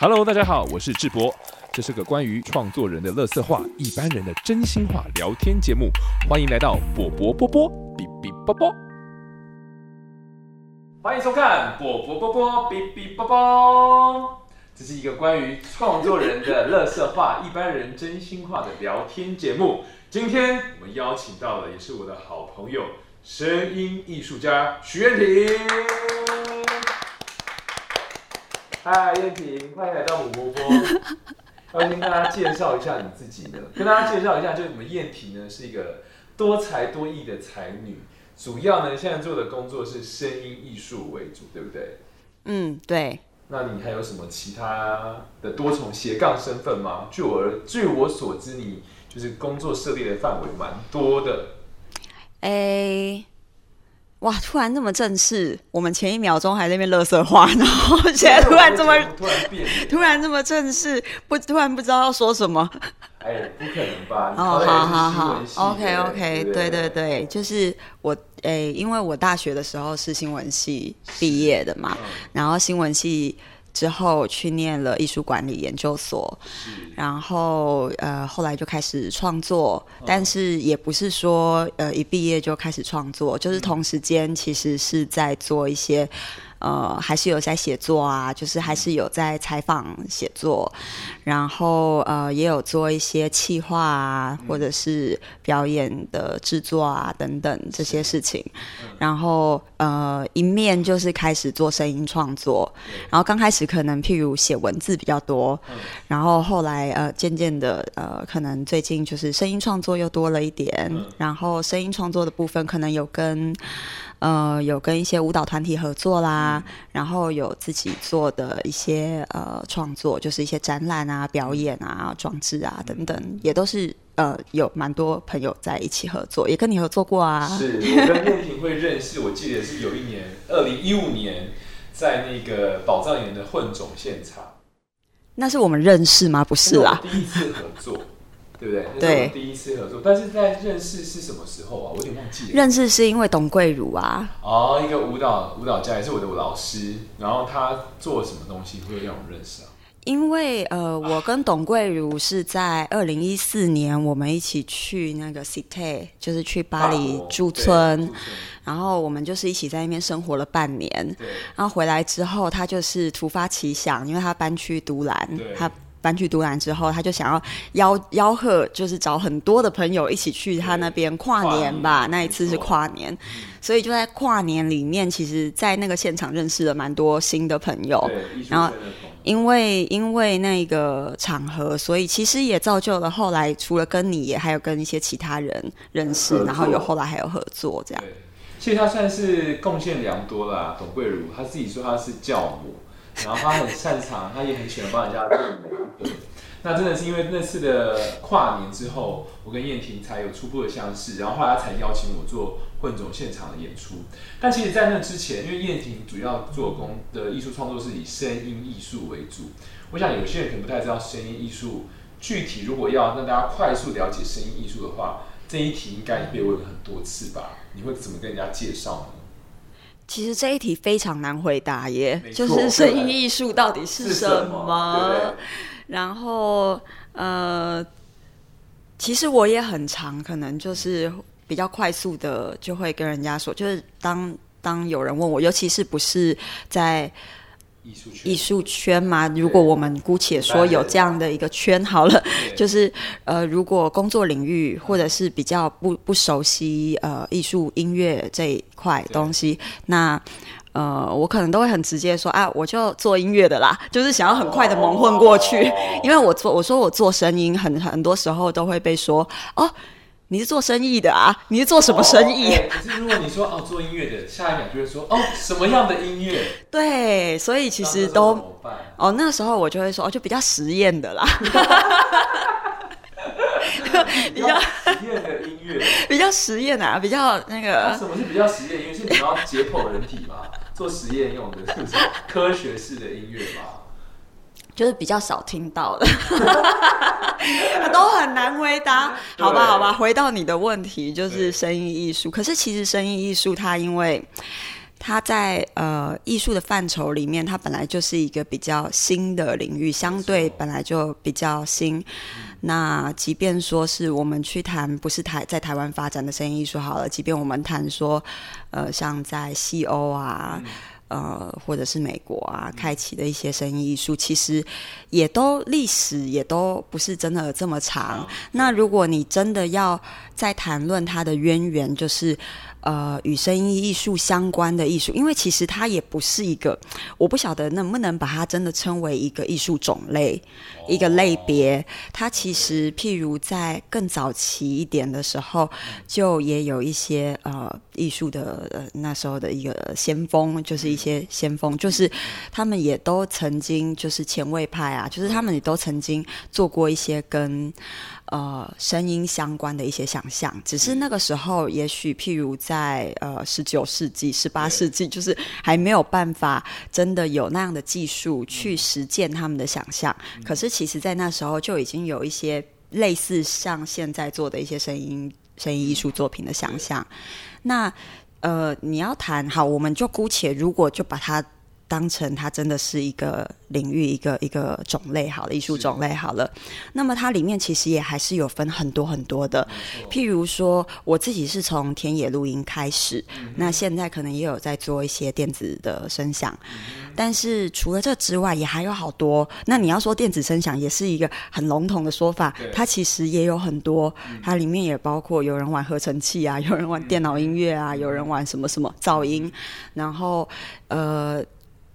Hello，大家好，我是智博，這是個關於創作人的垃圾話、一般人的真心話聊天節目，歡迎來到博博播播嗶嗶播播，歡迎收看博博播播嗶嗶播播，這是一個關於創作人的垃圾話、一般人真心話的聊天節目，今天我們邀請到的也是我的好朋友，聲音藝術家許雁婷。啊，雁婷，歡迎來到博博播播。 要跟大家介紹一下你自己呢，跟大家介紹一下，就是我們雁婷呢是一個多才多藝的才女，主要呢現在做的工作是聲音藝術為主，對不對？嗯，對。那你還有什麼其他的多重斜槓身份嗎？據我據我所知你，你就是工作涉獵的範圍蠻多的。誒、欸。哇！突然那麼正式，我們前一秒鐘還在那邊垃圾話，然後現在突然這麼突然，突然這麼正式，不突然不知道要說什麼。哎、欸，不可能吧？ 哦，好好好、哦欸、好，好，OK OK，對對對，就是我誒、欸，因為我大學的時候是新聞系畢業的嘛，哦、然後新聞系，之後去念了藝術管理研究所，然後呃，後來就開始創作，哦、但是也不是說呃一畢業就開始創作，就是同時間其實是在做一些。呃，還是有在寫作啊，就是還是有在採訪寫作，然後呃，也有做一些企劃啊，或者是表演的製作啊等等這些事情，然後呃，一面就是開始做聲音創作，然後剛開始可能譬如寫文字比較多，然後後來呃漸漸的呃，可能最近就是聲音創作又多了一點，然後聲音創作的部分可能有跟。呃，有跟一些舞蹈團體合作啦，然後有自己做的一些呃創作，就是一些展覽啊、表演啊、裝置啊等等，也都是呃有蠻多朋友在一起合作，也跟你合作過啊。 是我跟雁婷會認識，我記得是有一年二零一五年，在那個寶藏巖的混種現場，那是我們認識嗎？不是啦。我第一次合作。 對不對？對，第一次合作，但是在認識是什麼時候啊？我有點忘記了，認識是因為董桂如啊。哦，一個舞蹈舞蹈家也是我的老師，然後他做什麼東西會讓我們認識啊？因為呃、啊，我跟董桂如是在二零一四年，我們一起去那個 Cité 就是去巴黎駐村、啊哦，然後我們就是一起在那邊生活了半年，然後回來之後，他就是突發奇想，因為他搬去獨蘭，他。搬去讀蘭之後，他就想要吆吆喝，就是找很多的朋友一起去他那邊跨年吧。那一次是跨年，所以就在跨年裡面，其實，在那個現場認識了蠻多新的朋友。然後因為因為那個場合，所以其實也造就了後來，除了跟你也，還有跟一些其他人認識，然後又後來還有合作這樣。所以他算是貢獻良多啦、啊。董桂如他自己說他是教母。然後他很擅長，他也很喜歡幫人家做媒。那真的是因為那次的跨年之後，我跟雁婷，才有初步的相識，然後後來他才邀請我做混種現場的演出。但其實，在那之前，因為雁婷主要做工的藝術創作是以聲音藝術為主。我想有些人可能不太知道聲音藝術具體，如果要讓大家快速了解聲音藝術的話，這一題應該也被問了很多次吧？你會怎麼跟人家介紹呢？其實這一題非常難回答耶，就是聲音藝術到底是什麼？什麼，然後，呃，其實我也很常，可能就是比較快速的就會跟人家說，就是當當有人問我，尤其是不是在。藝術圈嘛，如果我們姑且說有這樣的一個圈好了，就是呃，如果工作領域或者是比較不不熟悉呃藝術音樂這一塊東西，那呃，我可能都會很直接說啊，我就做音樂的啦，就是想要很快的蒙混過去，哦、因為我做我說我做聲音很，很很多時候都會被說哦。你是做生意的啊？你是做什麼生意，啊哦欸？可是如果你說哦做音樂的，下一秒就會說哦什麼樣的音樂？對，所以其實都那哦那時候我就會說哦就比較實驗的啦 比的的比，比較實驗的音樂，比較實驗啊，比較那個、啊、什麼是比較實驗？因為是比較解剖人體嘛，做實驗用的，是是科學式的音樂吧就是比較少聽到的 都很難回答。好吧，好吧，回到你的問題，就是聲音藝術。可是其實聲音藝術，它因為它在呃藝術的範疇裡面，它本來就是一個比較新的領域，相對本來就比較新。那即便說是我們去談，不是台在台灣發展的聲音藝術好了，即便我們談說，呃，像在西歐啊。呃，或者是美國啊，開啟的一些聲音藝術，其實也都歷史也都不是真的這麼長。那如果你真的要再談論它的淵源，就是。呃，與聲音藝術相關的藝術，因為其實它也不是一個，我不曉得能不能把它真的稱為一個藝術種類，一個類別。它其實譬如在更早期一點的時候，就也有一些呃藝術的、呃、那時候的一個先鋒，就是一些先鋒，就是他們也都曾經就是前衛派啊，就是他們也都曾經做過一些跟。呃，聲音相關的一些想象，只是那個時候，也許譬如在呃十九世紀、十八世紀，就是還沒有辦法真的有那樣的技術去實踐他們的想象。嗯。可是，其實，在那時候就已經有一些類似像現在做的一些聲音、聲音藝術作品的想象。那呃，你要談好，我們就姑且如果就把它。當成它真的是一個領域，一個一個種類好了，藝術種類好了。那麼它裡面其實也還是有分很多很多的，譬如說我自己是從田野錄音開始，那現在可能也有在做一些電子的聲響。但是除了這之外，也還有好多。那你要說電子聲響也是一個很籠統的說法，它其實也有很多，它裡面也包括有人玩合成器啊，有人玩電腦音樂啊，有人玩什麼什麼噪音，然後呃。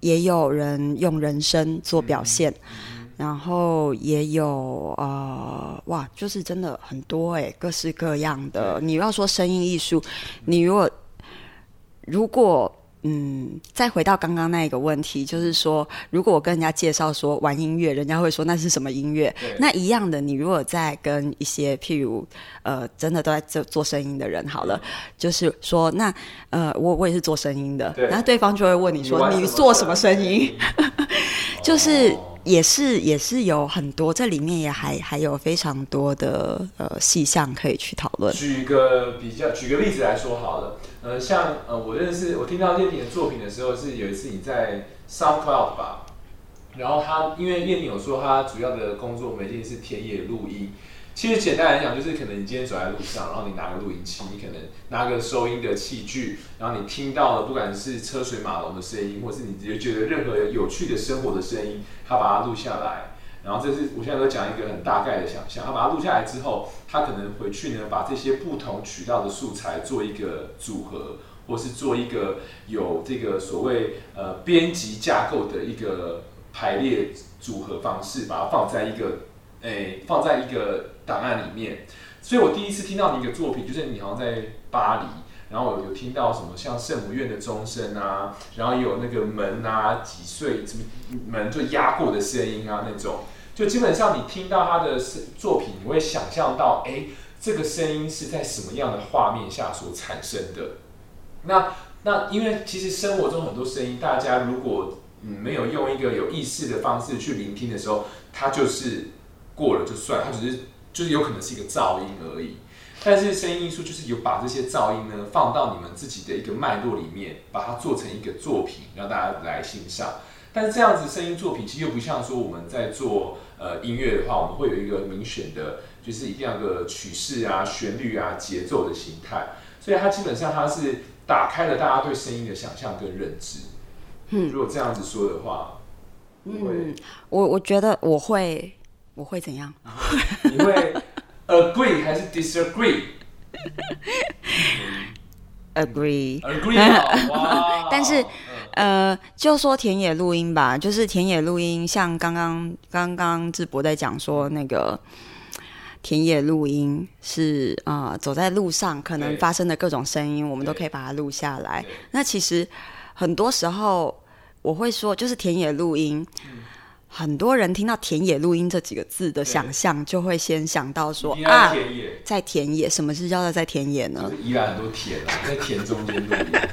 也有人用人聲做表現，嗯嗯，然後也有呃，哇，就是真的很多誒、欸。各式各樣的。你要說聲音藝術，你如果如果。嗯，再回到剛剛那一個問題，就是說，如果我跟人家介紹說玩音樂，人家會說那是什麼音樂？那一樣的，你如果再跟一些譬如呃，真的都在做做聲音的人好了，就是說，那呃，我我也是做聲音的對，然後對方就會問你說你，你做什麼聲音？ 就是也是也是有很多這裡面，也還還有非常多的呃細項可以去討論。舉個比較舉個例子來說好了。呃，像呃，我認識，我聽到雁婷的作品的時候，是有一次你在 SoundCloud 吧，然後他因為雁婷有說他主要的工作媒介是田野錄音，其實簡單來講，就是可能你今天走在路上，然後你拿個錄音器，你可能拿個收音的器具，然後你聽到了，不管是車水馬龍的聲音，或是你覺得任何有趣的生活的聲音，他把它錄下來。然後這是我現在都講一個很大概的想象，他把它錄下來之後，他可能回去呢，把這些不同渠道的素材做一個組合，或是做一個有這個所謂呃編輯架,架構的一個排列組合方式，把它放在一個誒、欸、放在一個檔案裡面。所以我第一次聽到你一個作品，就是你好像在巴黎，然後我有聽到什麼像聖母院的鐘聲啊，然後有那個門啊幾碎什麼門就壓過的聲音啊那種。就基本上，你聽到他的聲作品，你會想象到，哎、欸，這個聲音是在什麼樣的畫面下所產生的？那那因為其實生活中很多聲音，大家如果、嗯、沒有用一個有意識的方式去聆聽的時候，它就是過了就算，它只是、就是就是有可能是一個噪音而已。但是聲音藝術就是有把這些噪音呢放到你們自己的一個脈絡裡面，把它做成一個作品，讓大家來欣賞。但這樣子聲音作品其實又不像說我們在做、呃、音樂的話，我們會有一個明顯的，就是一定要個曲式啊、旋律啊、節奏的形態。所以它基本上它是打開了大家對聲音的想象跟認知、嗯。如果這樣子說的話，嗯，我我覺得我會，我會怎樣？啊、你會 agree 還是 disagree？Agree，Agree， okay. 但是。呃，就說田野錄音吧，就是田野錄音，像剛剛剛剛智博在講說，那個田野錄音是啊、呃，走在路上可能發生的各種聲音，我們都可以把它錄下來。那其實很多時候我會說，就是田野錄音。嗯很多人聽到「田野錄音」這幾個字的想象，就會先想到說啊，在田野，什麼是叫做在田野呢？依然很多田啊，在田中間錄音。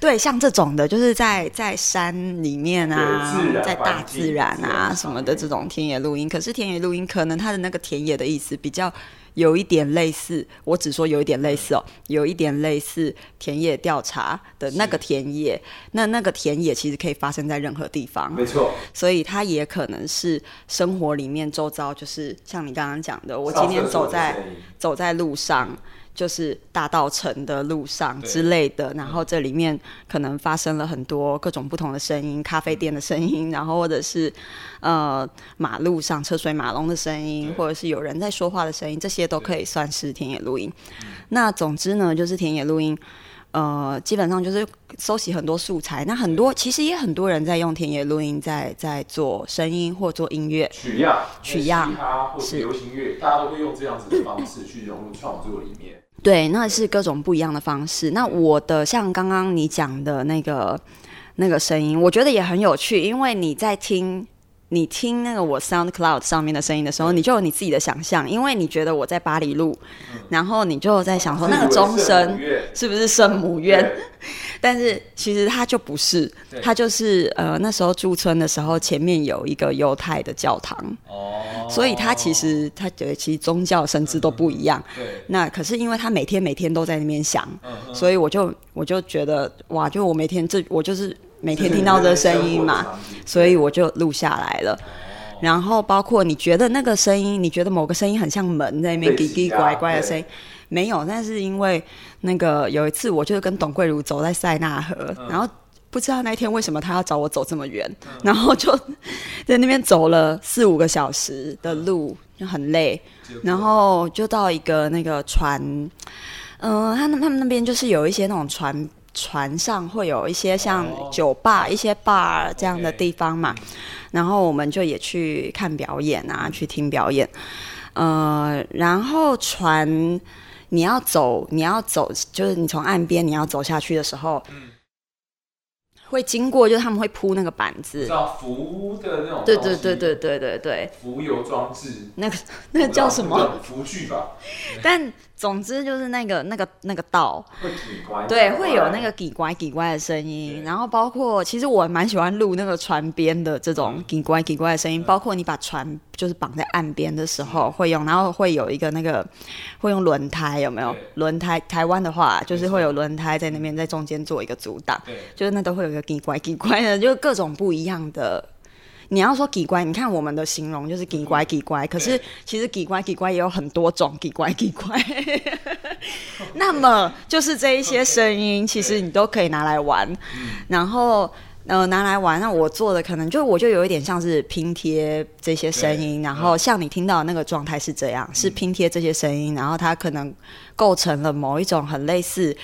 對，像這種的，就是在在山裡面啊，在大自然啊什麼的這種田野錄音。可是田野錄音，可能它的那個田野的意思比較。有一點類似，我只說有一點類似哦、喔，有一點類似田野調查的那個田野，那那個田野其實可以發生在任何地方，沒錯。所以它也可能是生活裡面周遭，就是像你剛剛講的，我今天走在、啊、走在路上。就是大稻埕的路上之類的，然後這裡面可能發生了很多各種不同的聲音，咖啡店的聲音，然後或者是呃馬路上車水馬龍的聲音，或者是有人在說話的聲音，這些都可以算是田野錄音。那總之呢，就是田野錄音，呃，基本上就是搜集很多素材。那很多其實也很多人在用田野錄音在，在在做聲音或做音樂。取樣，取樣，其他或是流行樂，大家都會用這樣子的方式去融入創作裡面。 對，那是各種不一樣的方式。那我的像剛剛你講的那個那個聲音，我覺得也很有趣，因為你在聽。你聽那個我 SoundCloud 上面的聲音的時候，你就有你自己的想象、嗯，因為你覺得我在巴黎錄，嗯、然後你就在想說那個鐘聲是不是聖母院、嗯？但是其實他就不是，他就是呃那時候駐村的時候，前面有一個猶太的教堂、哦、所以他其實他覺得其實宗教甚至都不一樣，嗯嗯。那可是因為他每天每天都在那邊響，嗯嗯，所以我就我就覺得哇，就我每天這我就是。每天聽到這聲音嘛，所以，所以我就錄下來了、嗯。然後包括你覺得那個聲音，你覺得某個聲音很像門那邊嘰嘰呱呱的聲音，沒有。但是因為那個有一次，我就是跟董桂如走在塞納河、嗯，然後不知道那天為什麼他要找我走這麼遠、嗯，然後就在那邊走了四五個小時的路，就很累，然後就到一個那個船，嗯、呃，他們他們那邊就是有一些那種船。船上會有一些像酒吧、oh. 一些 bar 這樣的地方嘛，okay. 然後我們就也去看表演啊，去聽表演。呃，然後船你要走，你要走，就是你從岸邊你要走下去的時候，嗯、會經過，就是他們會鋪那個板子，叫浮物的那種，對對對對對對對，浮游裝置，那個那個叫什麼？浮、那、具、個、吧。 但總之就是那個那個那個道，奇怪對奇怪，會有那個滴怪滴怪的聲音，然後包括其實我蠻喜歡錄那個船邊的這種滴怪滴怪的聲音，嗯，包括你把船就是綁在岸邊的時候會用，然後會有一個那個會用輪胎有沒有？輪胎台灣的話就是會有輪胎在那邊在中間做一個阻擋，對，就是那都會有一個滴怪滴怪的，就是，各種不一樣的。你要說“給乖”，你看我們的形容就是給乖“給、嗯、乖，給乖”。可是其實給乖“給乖，給乖”也有很多種“給乖，給乖。” Okay. 那麼就是這一些聲音，其實你都可以拿來玩，Okay. 然後、嗯、呃拿來玩。那我做的可能就我就有一點像是拼貼這些聲音，然後像你聽到的那個狀態是這樣，嗯、是拼貼這些聲音，然後它可能構成了某一種很類似。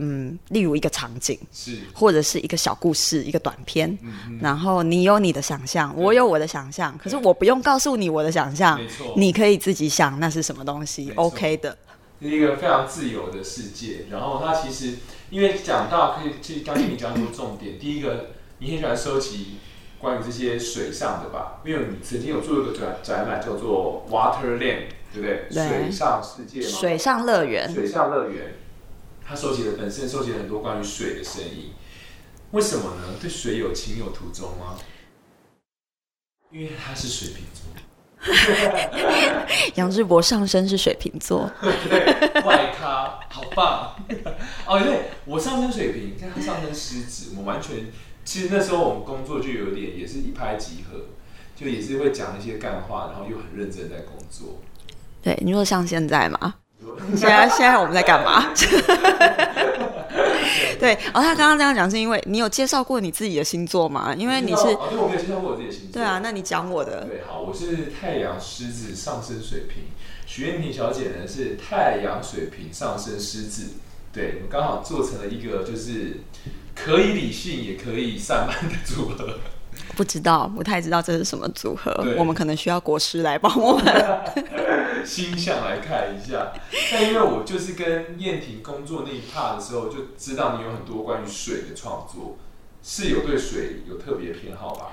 嗯，例如一個場景，是或者是一個小故事，一個短片，嗯、然後你有你的想象，我有我的想象，可是我不用告訴你我的想象，沒錯，你可以自己想那是什麼東西，OK 的，是一個非常自由的世界。然後它其實因為講到可以其實剛才你講很多重點，咳咳，第一個你很喜歡收集關於這些水上的吧，因為你曾經有做一個展展覽叫做 Waterland，對不對？對，水上世界，水上樂園，水上樂園。他收集了，本身收集了很多關於水的聲音，為什麼呢？對水有情有獨鍾嗎？因為他是水瓶座。楊智博上升是水瓶座，怪 咖 好棒 哦！因為我上升水瓶，看他上升獅子，我完全，其實那時候我們工作就有點也是一拍即合，就也是會講一些幹話，然後又很認真在工作。對，你說像現在嗎？現 在現在我們在幹嘛？ 對，而、哦、他剛剛這樣講是因為你有介紹過你自己的星座嗎？因為你是，因為、哦、我沒有介紹過我自己的星座。對啊，那你講我的。對，好，我是太陽獅子上升水瓶。許雁婷小姐呢是太陽水瓶上升獅子，對，我們剛好做成了一個就是可以理性也可以散漫的組合。不知道，不太知道這是什麼組合。我們可能需要國師來幫我們。 星象來看一下。 但因為我就是跟雁婷工作那一 part 的時候，就知道你有很多關於水的創作，是有對水有特別偏好吧？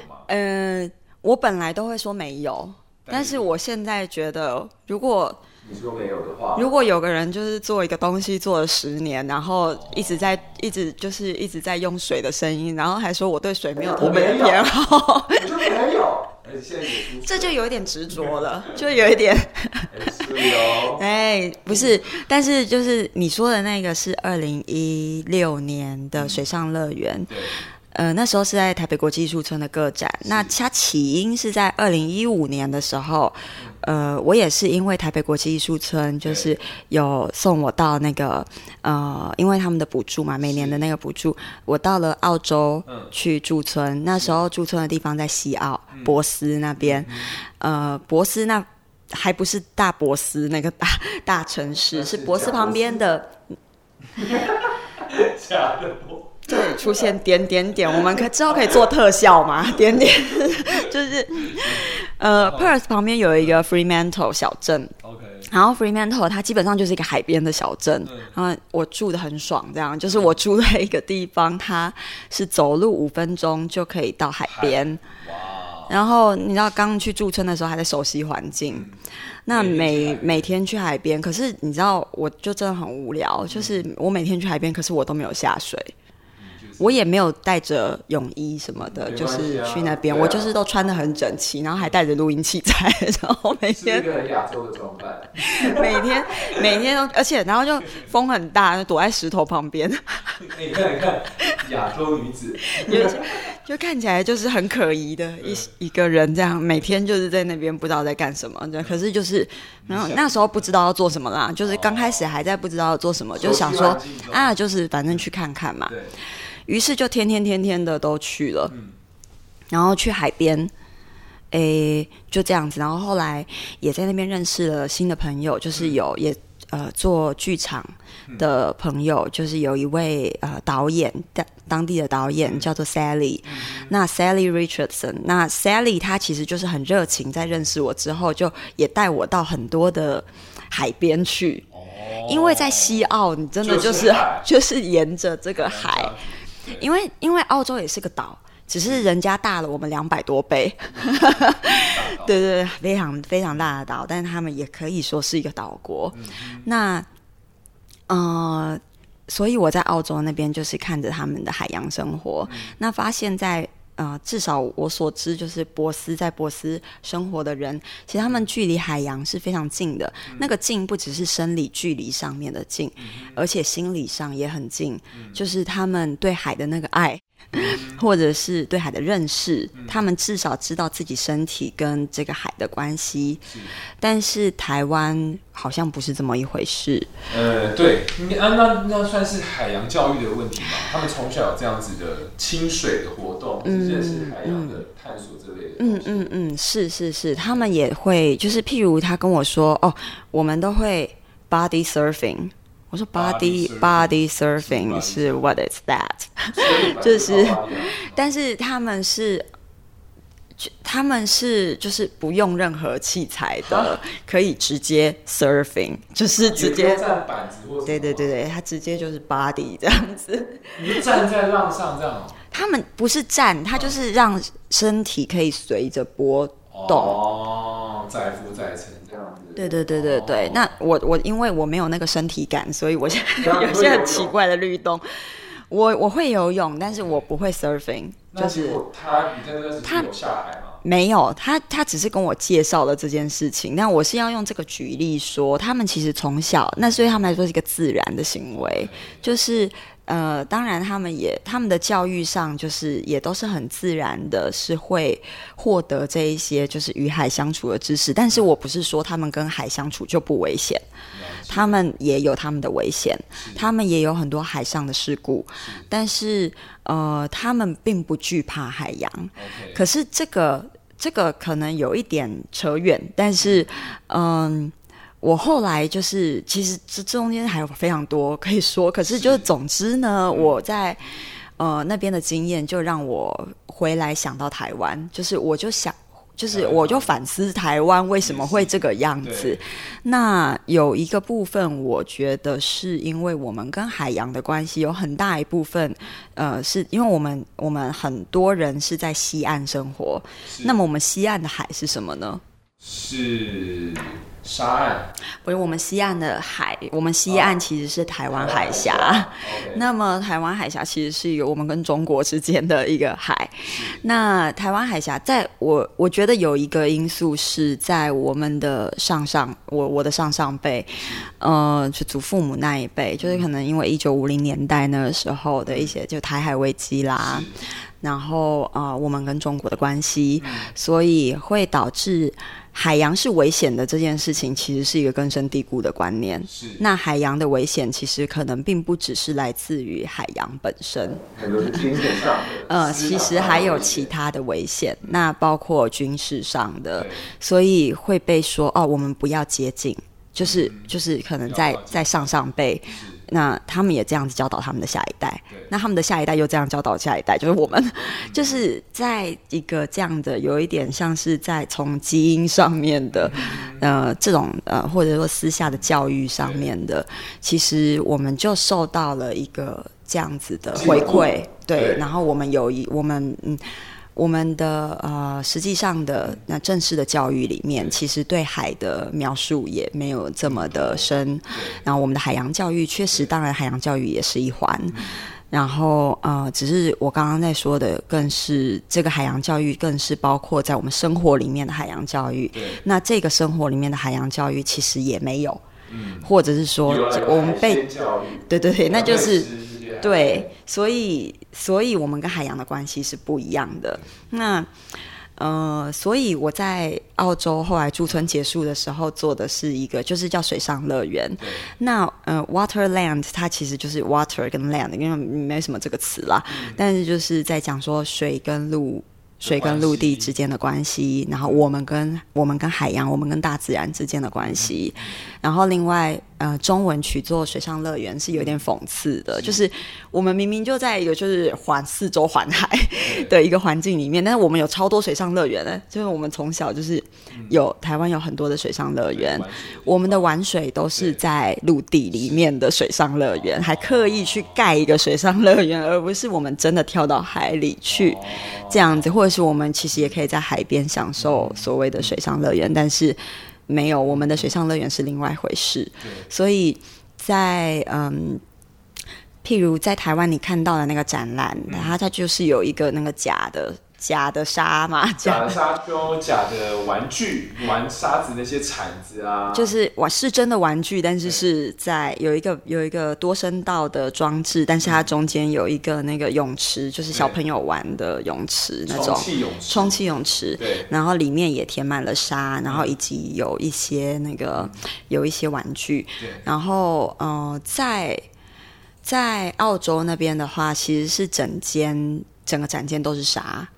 有嗎？嗯、呃，我本來都會說沒有，但是我現在覺得如果。你說沒有的話，如果有個人就是做一個東西做了十年，然後一直在一直就是一直在用水的聲音，然後還說我對水沒有特別偏好，哎我，我就沒有，哎，這就有點執着了，就有一點，哎，不是，哎不是，嗯，但是就是你說的那個是二零一六年的水上樂園。呃，那時候是在台北國際藝術村的個展。那它起因是在二零一五年的時候，嗯，呃，我也是因為台北國際藝術村，就是有送我到那個、欸、呃，因為他們的補助嘛，每年的那個補助，我到了澳洲去駐村、嗯。那時候駐村的地方在西澳、嗯、博斯那邊、嗯，呃，博斯那還不是大博斯那個大大城市，是，是博斯旁邊的。 假的。 對，出現點點點， 我們可之後可以做特效嗎？ 點點就是，呃，Perth、oh. 旁邊有一個 Fremantle 小鎮，OK，然後 Fremantle 它基本上就是一個海邊的小鎮，okay. 然後我住的很爽，這樣，就是我住在一個地方，它是走路五分鐘就可以到海邊，哇，wow. 然後你知道，剛去駐村的時候還在熟悉環境，那每每天去海邊，可是你知道，我就真的很無聊，嗯、就是我每天去海邊，可是我都沒有下水。我也沒有帶着泳衣什麼的，啊、就是去那邊、啊，我就是都穿得很整齊，然後還帶着錄音器在。然後每天是不是一個很亞洲的裝扮？ 每天 每天都，而且然後就風很大，就躲在石頭旁邊。那、 欸、你看一看亞洲女子 就，就看起來就是很可疑的一一個人，這樣每天就是在那邊不知道在幹什麼，可是就是然後那時候不知道要做什麼啦，就是剛開始還在不知道要做什麼，哦、就想說、哦、啊，就是反正去看看嘛。於是就天天天天的都去了，嗯，然後去海邊，誒，就這樣子。然後後來也在那邊認識了新的朋友，就是有也呃做劇場的朋友，嗯、就是有一位呃導演當當地的導演叫做 Sally，嗯、那 Sally Richardson，那 Sally 她其實就是很熱情，在認識我之後就也帶我到很多的海邊去，哦、因為在西澳，你真的就是、就是、就是沿着這個海。因為因為澳洲也是個島，只是人家大了我們兩百多倍，嗯、 對對，對非常非常大的島，但是他們也可以說是一個島國。嗯、那呃，所以我在澳洲那邊就是看着他們的海洋生活，嗯、那發現在。啊、呃，至少我所知就是波斯在波斯生活的人，其實他們距離海洋是非常近的、嗯。那個近不只是生理距離上面的近、嗯，而且心理上也很近、嗯。就是他們對海的那個愛，嗯、或者是對海的認識、嗯，他們至少知道自己身體跟這個海的關係、嗯。但是台灣好像不是這麼一回事。呃，對，啊，那那算是海洋教育的問題嘛？他們從小有這樣子的親水的活動。嗯。嗯嗯，嗯嗯,嗯,嗯是是是，他們也會，就是譬如他跟我說哦，我們都會 body surfing。我說 body body surfing, body surfing 是,是 what is that？就是，但是他們是，他們是就是不用任何器材的，可以直接 surfing，就是直接有有站板子。對對對他直接就是 body 這樣子。你就站在浪上這樣、啊？ 他們不是站，他就是讓身體可以隨着波動。哦，在浮在沉這樣子。對對對對對。哦、那我我因為我沒有那個身體感，所以我現在有些很奇怪的律動。我我會游泳，但是我不會 surfing。就是他，你他游下來沒有，他他只是跟我介紹了這件事情、哦。但我是要用這個舉例說，他們其實從小，那所以他們來說是一個自然的行為，就是。呃，當然，他們也他們的教育上就是也都是很自然的，是會獲得這一些就是與海相處的知識。但是我不是說他們跟海相處就不危險，嗯，他們也有他們的危險，嗯，他們也有很多海上的事故。嗯、但是呃，他們並不懼怕海洋，嗯。可是這個這個可能有一點扯遠，但是嗯。嗯我後來就是，其實這中間還有非常多可以說，可是就是總之呢，我在、嗯、呃那邊的經驗就讓我回來想到台灣，就是我就想，就是我就反思台灣為什麼會這個樣子。那，那有一個部分，我覺得是因為我們跟海洋的關係有很大一部分，呃，是因為我們我們很多人是在西岸生活，那麼我們西岸的海是什麼呢？是沙岸，不是我們西岸的海。我們西岸其實是台灣海峽。啊、海 那麼台灣海峽其實是有我們跟中國之間的一個海。嗯、那台灣海峽在我，我覺得有一個因素是在我們的上上，我我的上上輩、嗯，呃，就祖父母那一輩，就是可能因為一九五零年代那個時候的一些就台海危機啦。嗯然後啊、呃，我們跟中國的關係、嗯，所以會導致海洋是危險的這件事情，其實是一個根深蒂固的觀念。是那海洋的危險其實可能並不只是來自於海洋本身，很多是精神上呃，其實還有其他的危險，那包括軍事上的，所以會被說哦，我們不要接近。就是就是可能在在上上輩，那他們也這樣子教導他們的下一代，那他們的下一代又這樣教導下一代，就是我們，就是在一個這樣的有一點像是在從基因上面的，呃，這種呃或者說私下的教育上面的，其實我們就受到了一個這樣子的回饋，對，然後我們有一我們嗯。我們的呃，實際上的那正式的教育裡面，其實對海的描述也沒有這麼的深。然後我們的海洋教育，確實，當然，海洋教育也是一環。然後呃，只是我剛剛在說的，更是這個海洋教育，更是包括在我們生活裡面的海洋教育。那這個生活裡面的海洋教育，其實也沒有，嗯、或者是說我們被對對對，那就是對，那、就是、對，所以。所以，我們跟海洋的關係是不一樣的。那，呃，所以我在澳洲後來駐村結束的時候，做的是一個，就是叫水上樂園。那，呃，Waterland 它其實就是 water 跟 land，因為沒什麼這個詞啦、嗯。但是就是在講說水跟陸、水跟陸地之間的關係，關係，然後我們跟我們跟海洋、我們跟大自然之間的關係。嗯、然後，另外。呃，中文取作水上樂園是有點諷刺的，嗯，就是我們明明就在一個就是環四周環海的一個環境裡面，但是我們有超多水上樂園呢。就是我們從小就是有、嗯、台灣有很多的水上樂園，我們的玩水都是在陸地裡面的水上樂園，還刻意去蓋一個水上樂園，哦，而不是我們真的跳到海裡去、哦、這樣子，或者是我們其實也可以在海邊享受所謂的水上樂園，嗯嗯嗯，但是。沒有，我們的水上樂園是另外一回事。對，所以在嗯，譬如在台灣你看到的那個展覽，它、嗯、它就是有一個那個假的。假的沙嘛？假的，假的沙就假的玩具，玩沙子那些鏟子啊。就是我是真的玩具，但是是在有一個有一個多聲道的裝置，但是它中間有一個那個泳池，就是小朋友玩的泳池那種。充氣泳池。充氣泳池。對。然後裡面也填滿了沙，然後以及有一些那個有一些玩具。對。然後，嗯、呃，在在澳洲那邊的話，其實是整間整個展間都是沙。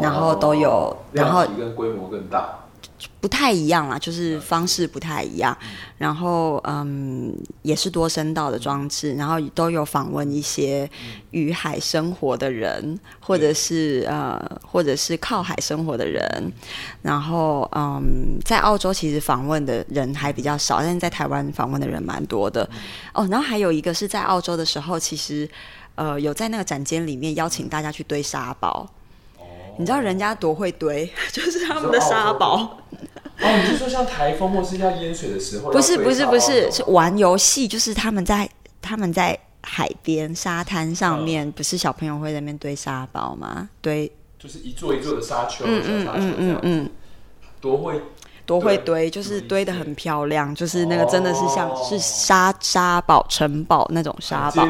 然後都有，然後一個規模更大，不太一樣啦，就是方式不太一樣。嗯、然後嗯，也是多聲道的裝置，嗯，然後都有訪問一些與海生活的人，嗯、或者是呃，或者是靠海生活的人。嗯、然後嗯，在澳洲其實訪問的人還比較少，但是在台灣訪問的人蠻多的。嗯、哦，然後還有一個是在澳洲的時候，其實呃，有在那個展間裡面邀請大家去堆沙堡。你知道人家多會堆，哦，就是他們的沙堡。哦， 你是說像颱風或是像淹水的時候？ 不是不是不是，是玩遊戲，就是他們在他們在海邊沙灘上面，哦，不是小朋友會在那邊堆沙堡嗎？堆就是一座一座的沙丘，嗯嗯嗯嗯嗯，嗯，多會。多會堆，就是堆得很漂亮，就是那個真的是像是，是沙沙堡城堡那種沙堡，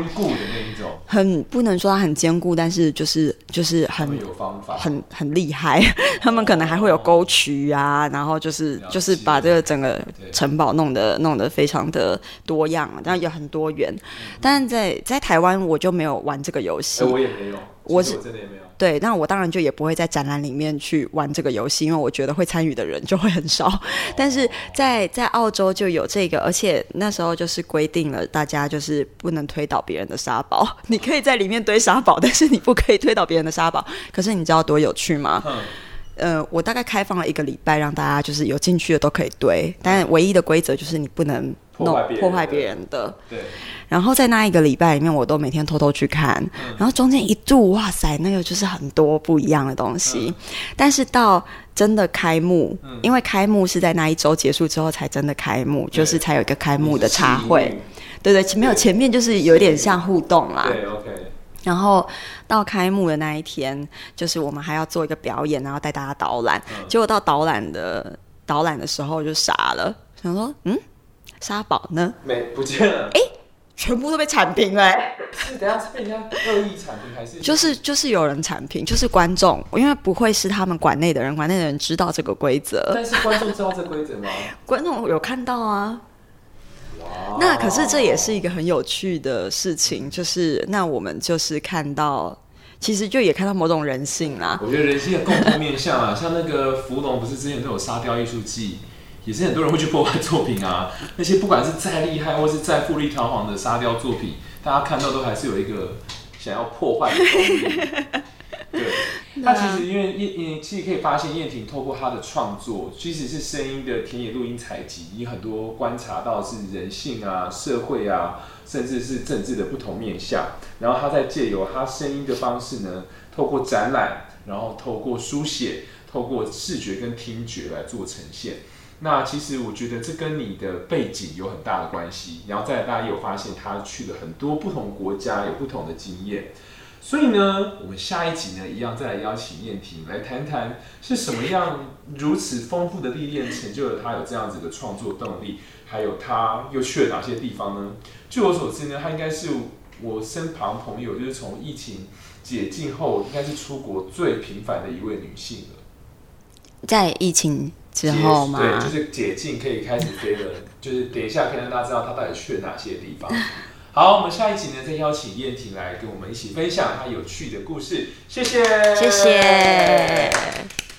很，很不能說它很堅固，但是就是就是很很很厲害。 他們可能還會有溝渠啊、哦，然後就是就是把這個整個城堡弄得弄得非常的多樣，然後也很多元。嗯、但在在台灣我就沒有玩這個遊戲，欸我是對，那我當然就也不會在展覽裡面去玩這個遊戲，因為我覺得會參與的人就會很少。但是在在澳洲就有這個，而且那時候就是規定了，大家就是不能推倒別人的沙堡。你可以在裡面堆沙堡，但是你不可以推倒別人的沙堡。可是你知道多有趣嗎？嗯，呃，我大概開放了一個禮拜，讓大家就是有進去的都可以堆，但唯一的規則就是你不能。弄破壞別人的，對。然後在那一個禮拜裡面，我都每天偷偷去看。然後中間一度，哇塞，那個就是很多不一樣的東西。但是到真的開幕，因為開幕是在那一周結束之後才真的開幕，就是才有一個開幕的茶會。對對，沒有前面就是有點像互動啦。然後到開幕的那一天，就是我們還要做一個表演，然後帶大家導覽。結果到導覽的導覽的時候就傻了，想說，嗯。沙堡呢？沒不見了。哎、欸，全部都被鏟平了、欸。是等下是被人家惡意鏟平，還是、就是？就是就是有人鏟平，就是觀眾，因為不會是他們館內的人，館內的人知道這個規則。但是觀眾知道這規則嗎？ 觀眾有看到啊。哇、wow.！那可是這也是一個很有趣的事情，就是那我們就是看到，其實就也看到某種人性啦、啊。我覺得人性的共同面相啊， 像那個福隆，不是之前都有沙雕藝術季。也是很多人會去破壞作品啊，那些不管是再厲害或是再富麗堂皇的沙雕作品，大家看到都還是有一個想要破壞的衝動。 對，他其實因為燕，嗯、你其實可以發現燕婷透過他的創作，即使是聲音的田野錄音採集，你很多觀察到是人性啊、社會啊，甚至是政治的不同面向。然後他在借由他聲音的方式呢，透過展覽，然後透過書寫，透過視覺跟聽覺來做呈現。那其實我覺得這跟你的背景有很大的關係，然後再來大家又發現他去了很多不同國家，有不同的經驗，所以呢，我們下一集呢，一樣再來邀請雁婷來談談是什麼樣如此豐富的歷練，成就了他有這樣子的創作動力，還有他又去了哪些地方呢？據我所知呢，他應該是我身旁朋友，就是從疫情解禁後，應該是出國最頻繁的一位女性了，在疫情。之後對，就是解禁可以開始飛了，就是等一下可以讓大家知道他到底去了哪些地方。好，我們下一集呢，再邀請雁婷來跟我們一起分享她有趣的故事。謝謝，謝謝。